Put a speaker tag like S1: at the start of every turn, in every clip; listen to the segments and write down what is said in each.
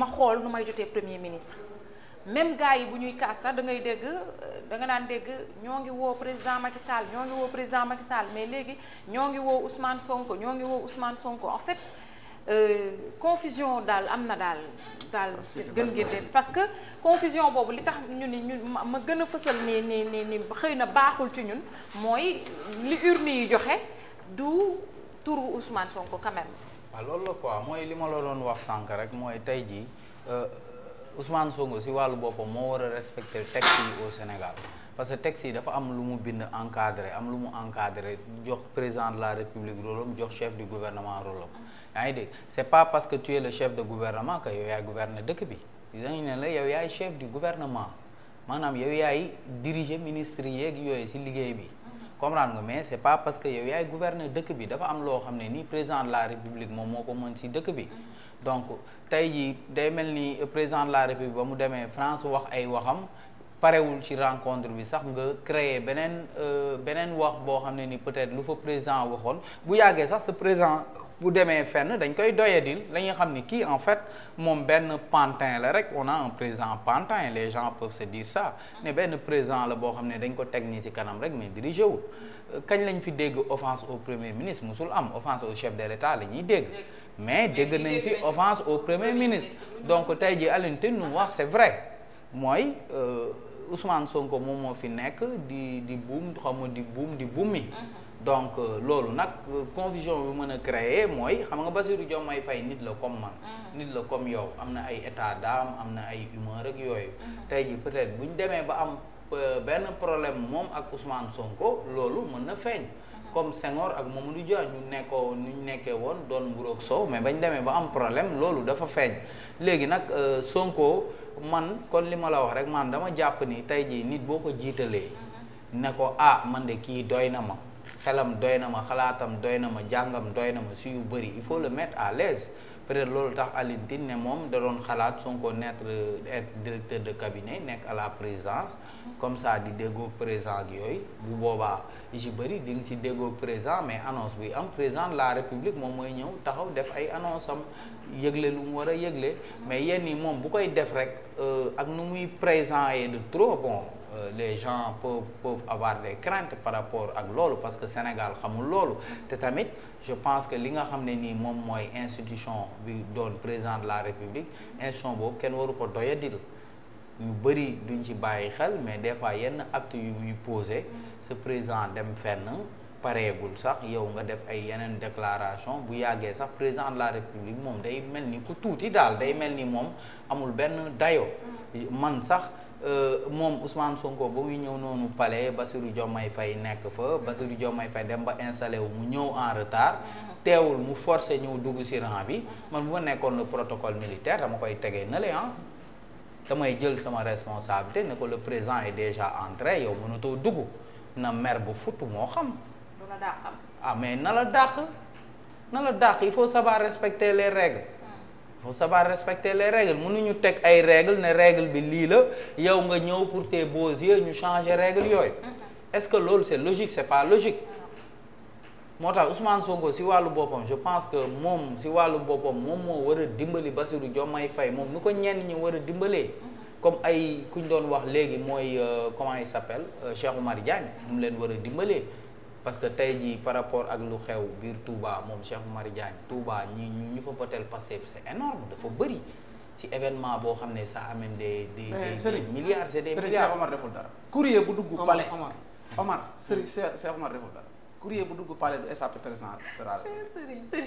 S1: ma xool nu may jotee premier ministre même gars yi bu ñuy kaas sax da dégg euh, da nga daan dégg ñoo ngi woo président Macky Sall ñoo ngi woo président Macky Sall mais léegi ñoo ngi woo Ousmane Sonko ñoo ngi woo Ousmane Sonko en fait euh, confusion daal am na daal daal ah, gën ngeen parce que confusion boobu li tax ñu ni ñu ma gën a fësal ni ni ni ni xëy na baaxul ci ñun mooy li urne yi joxe du turu Ousmane Sonko quand même
S2: waaw loolu la quoi mooy li ma la doon wax sànq rek mooy tey jii euh, Ousmane Sonko si wàllu boppam moo war a respecter texte yi au Sénégal parce que texte yi dafa am lu mu bind encadré am lu mu encadré jox président de la république rôle jox chef du gouvernement rôle am yaa ngi dégg c'est pas parce que tu es le chef de gouvernement que yow yaay gouverner dëkk bi dañu ne la yow yaay chef du gouvernement maanaam yow yaay diriger ministre yeeg yooyu si liggéey bi comprendre nga mais c' est pas parce que yaay gouverneur dëkk bi dafa am loo xam ne nii président de la république moom moo ko mën si dëkk bi mm-hmm. donc tey jii day mel ni président de la république ba mu demee France wax ay waxam parewul ci rencontre bi sax nga créer beneen euh, beneen wax boo xam ne ni peut-être lu fa président waxoon bu yàggee sax sa président bu demee fenn dañ koy doyadil la ñuy xam ni kii en fait moom benn pantin la rek on a un président pantin les gens peuvent se dire ça ne benn président la boo xam ne dañ ko teg nii ci kanam rek mais dirigé wul kañ lañ fi dégg offense au premier ministre mosul am offense au chef de l'État la ñuy dégg mais dégg nañ fi offense au premier ministre donc tey jii Alioune Tine nu wax c'est vrai mooy euh, Ousmane Sonko moom moo fi nekk di di buum xaw ma di buum di buum mi mhm. donc euh, loolu nag euh, confusion bi mën a créer mooy xam nga Bassirou Diomaye fay nit la comme man. Mm-hmm. nit la comme yow am na ay état d'âme am na ay humeur rek yooyu. Mm-hmm. tey ji peut-être bu ñu demee ba am euh, benn problème moom ak Ousmane Sonko loolu mën na feeñ. Mm-hmm. comme Senghor ak Mamadou Dia ñu nekkoo ñu nekkee woon doon mburu mais bañ demee ba am problème loolu dafa feeñ léegi nag Sonko man kon li ma la wax rek man dama jàpp ni tey jii nit boo ko jiitalee ne ko ah man de kii doy na ma. xelam doy na ma xalaatam doy na ma jàngam doy na ma si yu bëri il faut le mettre à l'aise peut-être loolu tax Alioune Tine ne moom da doon xalaat Sonko nekk être directeur de cabinet nekk à la présidence comme ça di déggoog président ak yooyu bu boobaa ji bëri di nga si déggoog président mais annonce buy am président la république moom mooy ñëw taxaw def ay annonce am yëgle lu mu war a yëgle mais yenn yi moom bu koy def rek euh, ak nu muy présent de trop bon Euh, les gens peuvent peuvent avoir des craintes par rapport ak loolu parce que Sénégal xamul loolu te tamit je pense que li nga xam ne nii moom mooy institution bi doon président de la République institution boobu kenn waru ko doyadil ñu bëri duñ ci bàyyi xel mais des fois yenn acte yu muy posé ce président dem fenn pareegul sax yow nga def ay yeneen déclaration bu yàggee sax président de la république moom day mel ni ku tuuti daal day mel ni moom amul benn dayo sax Euh, moom Ousmane Sonko ba muy ñëw noonu palais Bassirou Diomaye fay nekk fa mm-hmm. Bassirou Diomaye Faye dem ba installé wu mu ñëw en retard mm-hmm. teewul mu forcé ñëw dugg ci rang bi mm-hmm. man bu ma nekkoon le protocole militaire dama koy tegee na le ah damay jël sama responsabilité ne ko la président est déjà entré yow mënatoo dugg na mer bu futt moo xam ah mais na la dàq na la dàq il faut savoir respecter les règles faut savoir respecter les règles mënuñu teg ay règles ne règle bi lii la yow nga ñëw pour tes beaux ñu changer règle yooyu mhm. est-ce que loolu c'est logique c'est pas logique moo tax Ousmane Sonko si wàllu boppam je pense que moom si wàllu boppam moom moo war a dimbali Bassirou jommay Faye moom mu ko ñenn ñi war a dimbalee mhm. comme ay ku ñu doon wax léegi mooy euh, comment il s'appelle euh, Cheikh Oumar Diagne mu leen war a dimbalee parce que tey jii par rapport ak lu xew biir Touba moom Cheikh Mari Diagne Touba ñi ñu ñu fa votel passé c'est énorme dafa bëri ci événement boo xam ne ça amène des des des milliards c'est des milliards Cheikh Omar deful dara courrier bu dugg palais Omar Omar Serigne Cheikh Omar deful dara courrier bu dugg palais du SAP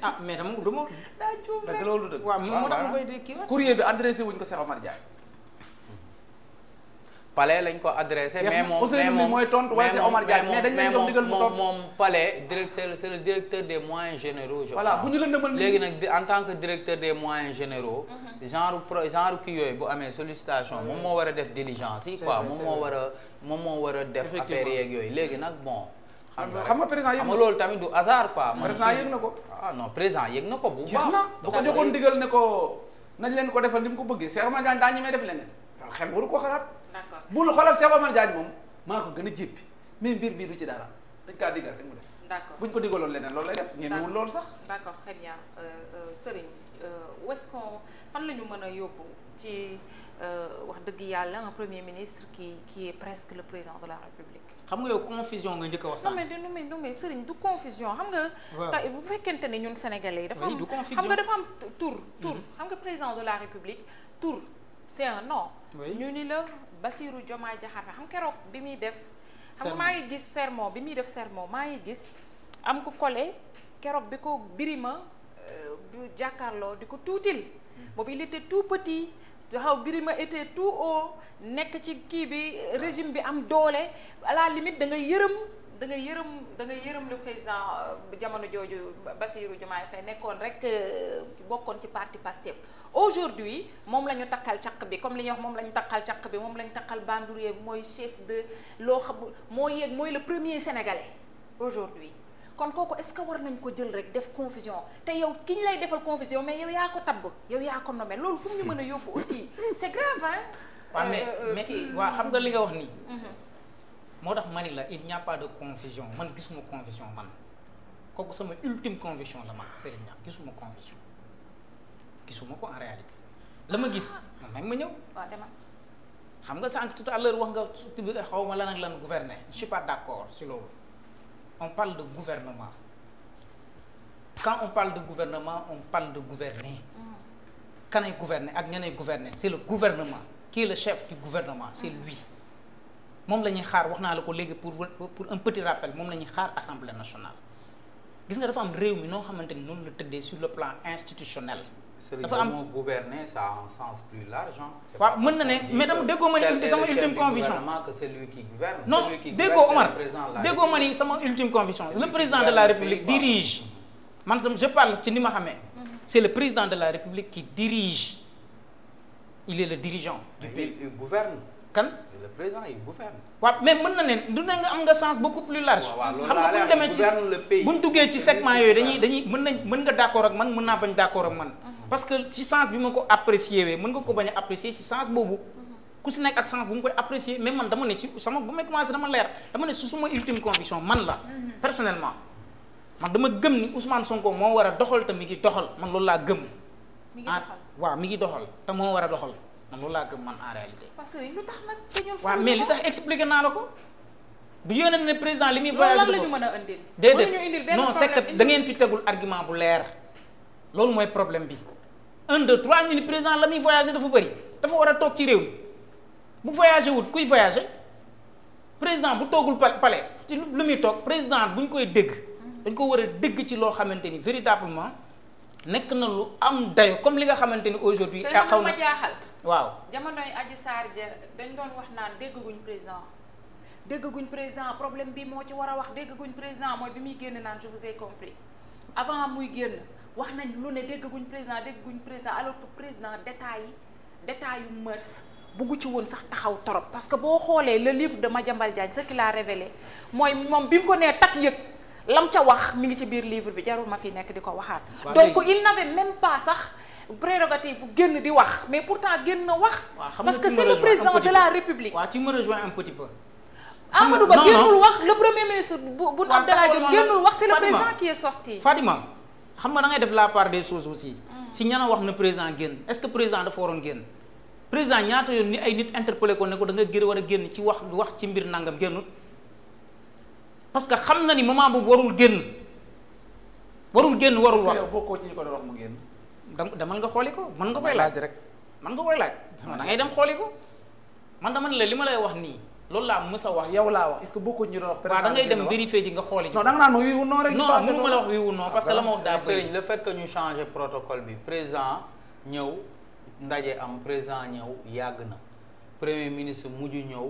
S2: ah, mais dama dama daa juum rek loolu dëgg waaw moo tax ma koy kii courrier bi adressé wuñ ko Cheikh Omar Diagne palais lañ ko adressé. mais moom Ousseynou mi mooy tontu wala c'est Omar Diagne mais dañ leen jox ndigal mu moom palais directeur c'est le directeur des moyens généraux. je voilà bu ñu la demal léegi nag en tant que directeur des moyens généraux. Mhm. genre pro genre kii yooyu bu amee sollicitation moom moo war a def diligence yi quoi moom moo war a moom moo def affaire yeeg yooyu léegi nag bon. xam nga président yëg na ko loolu tamit du hasard quoi. président yëg na ko. ah na ko ko joxoon ndigal ne ko nañ leen ko defal ni mu ko bëggee Cheikh Omar Diagne daa ñemee loolu xel ko xalaat. d'accord bul xoolal Cheikh Omar Diagne moom maa ko gën a jéppi mais mbir bii du ci dara dañ kaa diggal rek mu def. d'accord bu ñu ko digaloon leneen loolu lay def. ñemewul loolu sax.
S1: d'accord très bien euh, euh, Serigne euh, où est-ce qu'on fan la ñu mën a yóbbu ci wax dëgg yàlla un premier ministre qui qui est presque le président de la
S2: République. xam nga yoo confusion nga njëkk a sax non mais
S1: non mais mais Serigne du confusion xam nga. waaw bu fekkente ne ñun sénégalais yi. dafa am xam am tur tur. Mm-hmm. xam nga président de la République tur c'est ñu ni la basiiru jomaa Diakhar Faye xam keroog bi muy def. xam nga maa ngi gis sermon bi muy def sermon maa ngi gis am ko collé keroog bi ko birima euh, du jàkkaarloo di ko tuutil. Mm. boobu il était tout petit. taxaw birima était tout o nekk ci kii bi régime bi am doole à la limite da nga yërëm. da nga yërëm da nga yërëm le président euh, jamono jooju Bassirou Diomaye Faye nekkoon rek euh, bokkoon ci parti Pastef aujourd'hui moom la takkal caq bi comme li ñuy wax moom la ñu takkal caq bi moom la ñu takkal bandourie bi mooy chef de loo xam moo yeeg mooy le premier sénégalais aujourd'hui kon kooku est-ce que war nañ ko jël rek def confusion te yow ki ñu lay defal confusion mais yow yaa ko tabb yow yaa ko nommé loolu fu mu ñu mën a yóbbu aussi c'est grave hein.
S2: Euh, xam nga li moo tax ma ni la il ñàppa a pas de confusion man gisuma confusion man kooku sama ultime conviction la man Serigne Niang gisuma confusion gisuma ko en réalité la ma gis man may ma ñëw waaw xam nga sànq tout à l'heure wax nga surtout xaw ma lan ak lan gouverner je suis pas d'accord si loolu on parle de gouvernement quand on parle de gouvernement on parle de gouverner mm. kanay gouverner ak ñeneen gouverner c'est le gouvernement qui est le chef du gouvernement c'est mm. lui moom la ñuy xaar wax naa la ko léegi pour pour un petit rappel moom la ñuy xaar assemblée nationale gis nga dafa am réew mi noo xamante ni noonu la tëddee sur le plan institutionnel. dafa am sëriñ gouverner ça a un sens plus large. waaw mën na ne mais dama déggoo ma ni sama ultime conviction. que celui qui gouverne. non déggoo Omar déggoo ma ni sama ultime conviction. le président de la république dirige. man je parle ci ni ma xamee. Mm-hmm. c' le président de la république qui dirige. il est le dirigeant. du pays kan. le président il gouverne. waaw mais mën na ne du ne nga am nga sens beaucoup plus large. xam nga bu ñu demee ci bu ñu duggee ci segment yooyu dañuy dañuy mën nañ mën nga d' accord ak man mën naa bañ d' ak man. Mhm. parce que ci sens bi ma ko apprécier wee mën nga ko bañ a apprécier ci sens boobu. Mhm. ku si nekk ak sens bu mu koy apprécier mais man dama ne si sama ba may commencé dama leer dama ne su suma ultime conviction man la. Mhm. personnellement man dama gëm ni Ousmane Sonko moo war a doxal te mi ngi doxal man loolu laa gëm. mi ah, waaw mi ngi doxal te moo war a doxal. man loolu laa gëm
S1: parce que lu tax nag. te ñun waaw mais li tax
S2: expliqué naa la ko. bu yónnee ne président li muy. voyage lan la ñu mën a
S1: indil. déedéet non c'est que da ngeen
S2: fi tegul argument bu leer. loolu mooy problème bi. un deux trois ñu ni président la muy voyagé dafa bëri dafa war a toog ci réew mi bu voyagé wut kuy voyage président bu toogul palais ci lu muy toog président bu ñu koy dégg. dañ ko war a dégg ci loo xamante ni véritablement nekk na lu am dayo comme li nga xamante ni aujourd'hui xaw na waaw
S1: jamonoy Adji Sarr ja dañ doon wax naan dégguñ président dégg guñ président problème bi moo ci war a wax dégguñ président mooy bi muy génn naan je vous ai compris avant muy génn wax nañ lu ne dégguñ président dégguñ président alors que président détails yi détails yu mœurs bugg ci woon sax taxaw trop parce que boo xoolee le livre de Madiambal Diagne ce qu'il laa révélé mooy moom bi mu ko nee tak yëg lam ca wax mu ngi ci biir livre bi jarul ma fi nekk di ko waxaat prérogative bu génn di wax mais pourtant génn na wax.
S2: parce que c'est le président de la
S1: république. waaw tu
S2: me rejoins un petit peu.
S1: Amadou Ba génnul wax le premier ministre bu bu Abdallah Diop génnul wax c'est le président
S2: qui est sorti. Fatima da ngay def la part des choses aussi. Mm. si ñana wax na président génn est-ce que président dafa waroon génn. président ñaata yoon ni ay nit interpellé ko ne ko da nga gën war a génn ci wax wax ci mbir nangam génnul parce que xam na ni moment boobu warul génn warul génn warul wax. bokkoo ci ñu ko doon wax mu génn. demal nga xooli ko mën nga koy laaj rek man nga koy laaj da ngay dem xooli ko man dama ne la li ma lay wax nii loolu laa mës a wax yow laa wax est-ce que bokkoo ñu doon wax da ngay dem vérifier ji nga xooli non da nga naan ma wii wu non rek non mënu ma la wax wii wu non parce que la ma wax daa bëri Serigne le fait ñu changé protocole bi président ñëw ndaje am président ñëw yàgg na premier ministre mujj ñëw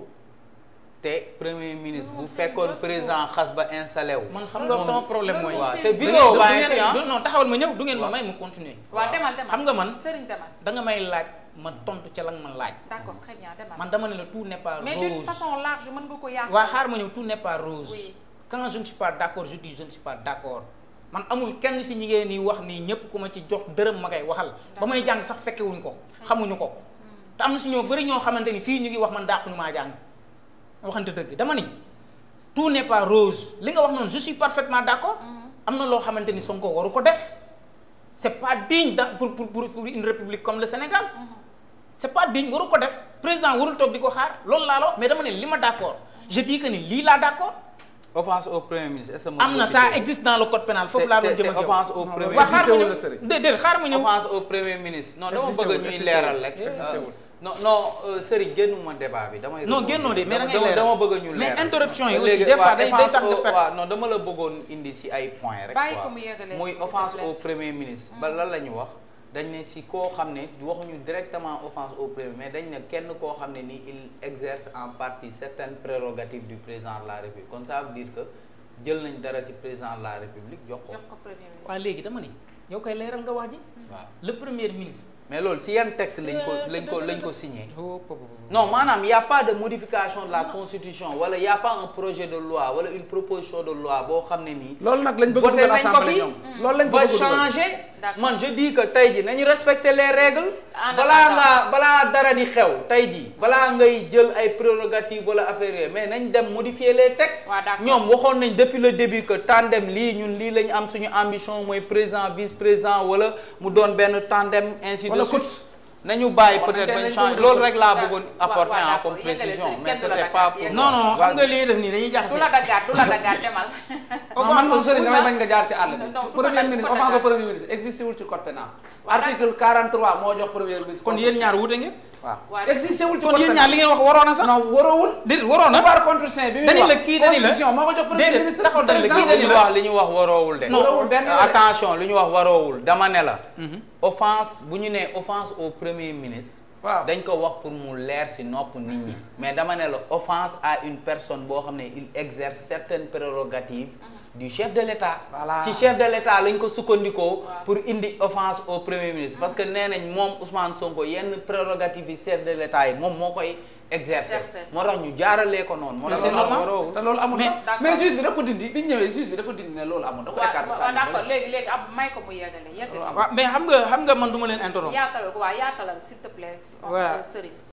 S2: te premier ministre bu fekkoon président xas ba installé wu. man xam nga sama problème mooy. waaw te vidéo baa ngi fi non taxawal ma ñëw du ngeen ma may mu continuer. xam nga man. Serigne demal da may laaj ma tontu ca la nga ma laaj.
S1: d'accord très bien demal man
S2: dama ne la tout n'est pas rose.
S1: mais ko yàq. waaw xaar ma
S2: ñëw tout n'est pas rose. quand je ne pas d'accord je dis je ne pas d'accord. man amul kenn si ñi ngeen di wax nii ñëpp ku ma ci jox dërëm ma koy waxal. ba may jàng sax fekkewuñ ko. xamuñu ko. Hmm. te am na si ñoo bëri ñoo xamante ni fii ñu ngi wax man dàquñu maa jàng waxante dëgg dama ni tout n'est pas rose li nga wax noonu je suis parfaitement d'accord mm-hmm. am na loo xamante ni Sonko waru ko def c'est pas digne da pour pour une république comme le Sénégal mm-hmm. c'est pas digne waru ko def président warul toog di ko xaar loolu laa la wax mais dama ne li ma d'accord je dis que ni lii laa d'accord am na ça existe dans le code pénal foofu laa doon jëm ak offense au premier ministre xaar ma ñëw déedéet xaar ma ñëw offense au premier bëgg ñuy leeral rek non non euh, Serigne génnuma débat bi damay. non génnoo de mais da dama bëgg ñu leer mais interruption yi aussi des fois day non dama la bëggoon indi si ay points rek. bàyyi ko mu yeggalee muy offense au premier ministre. ba hmm. lan la ñu wax dañ ne si koo xam ne waxuñu directement offense au premier mais dañ ne kenn koo xam ne ni il exerce en partie certaines prérogatives du président la république kon ça veut dire que jël nañ dara ci président la république jox ko. jox ko léegi dama ne yow kay leeral nga wax ji. waaw hmm. le premier mais loolu si yan texte lañ ko lañ ko lañ ko signé non maanaam y' a pas de modification de la constitution wala y' a pas un projet de loi wala une proposition de loi boo xam ne nii. loolu nag lañ bëgg a dugal assemblée ñoom loolu lañ bëgg a changer. man je dis que tey ji nañu respecter les règles. balaa nga balaa dara di xew tey ji balaa ngay jël ay prérogatives wala affaire mais nañ dem modifier les textes. ñoom waxoon nañ depuis le début que tandem lii ñun lii la ñu am suñu ambition mooy président vice président wala mu doon benn tandem ainsi le coach nañu bàyyi peut-être bañ change loolu rek laa bëggoon apporter en comme précision mais c'était pas pour non non xam nga li def nii dañuy jaxase du la dagaat du la dagaat demal non man ko damay bañ nga jaar ci àll bi premier ministre offense au premier ministre existé wul ci code pénal article moo jox premier ministre kon yéen ñaar wuute ngeen waaw existé wul ci kon yéen ñaar li ngeen wax waroon na sax. non waroowul. déedéet waroon na pouvoir contre la kii dañu la constitution moo ko li ñu wax waroowul de. waroowul attention li ñu wax waroowul dama ne la. Mhm. offense bu ñu nee offense au premier ministre. waaw dañ ko wax pour mu leer si nopp nit ñi. mais dama ne la offense à une personne boo xam ne il exerce certaines prérogatives. Mhm. du chef de l'État. voilà ci chef de l'État lañ ko sukkandikoo. pour indi offense au premier ministre. parce que nee nañ moom Ousmane Sonko yenn prérogative yi chef de l'État yi moom moo koy. exercer moo tax ñu jaaralee ko noonu. moo tax te loolu amul mais juge bi da dafa dindi ne loolu amul. da ko écarté saa d'accord
S1: léegi ko mu yeggale yeggale.
S2: mais xam nga xam nga man du ma leen interrompre.
S1: yaatalal ko waaw yaatalal s'il te plaît. voilà euh, Serigne.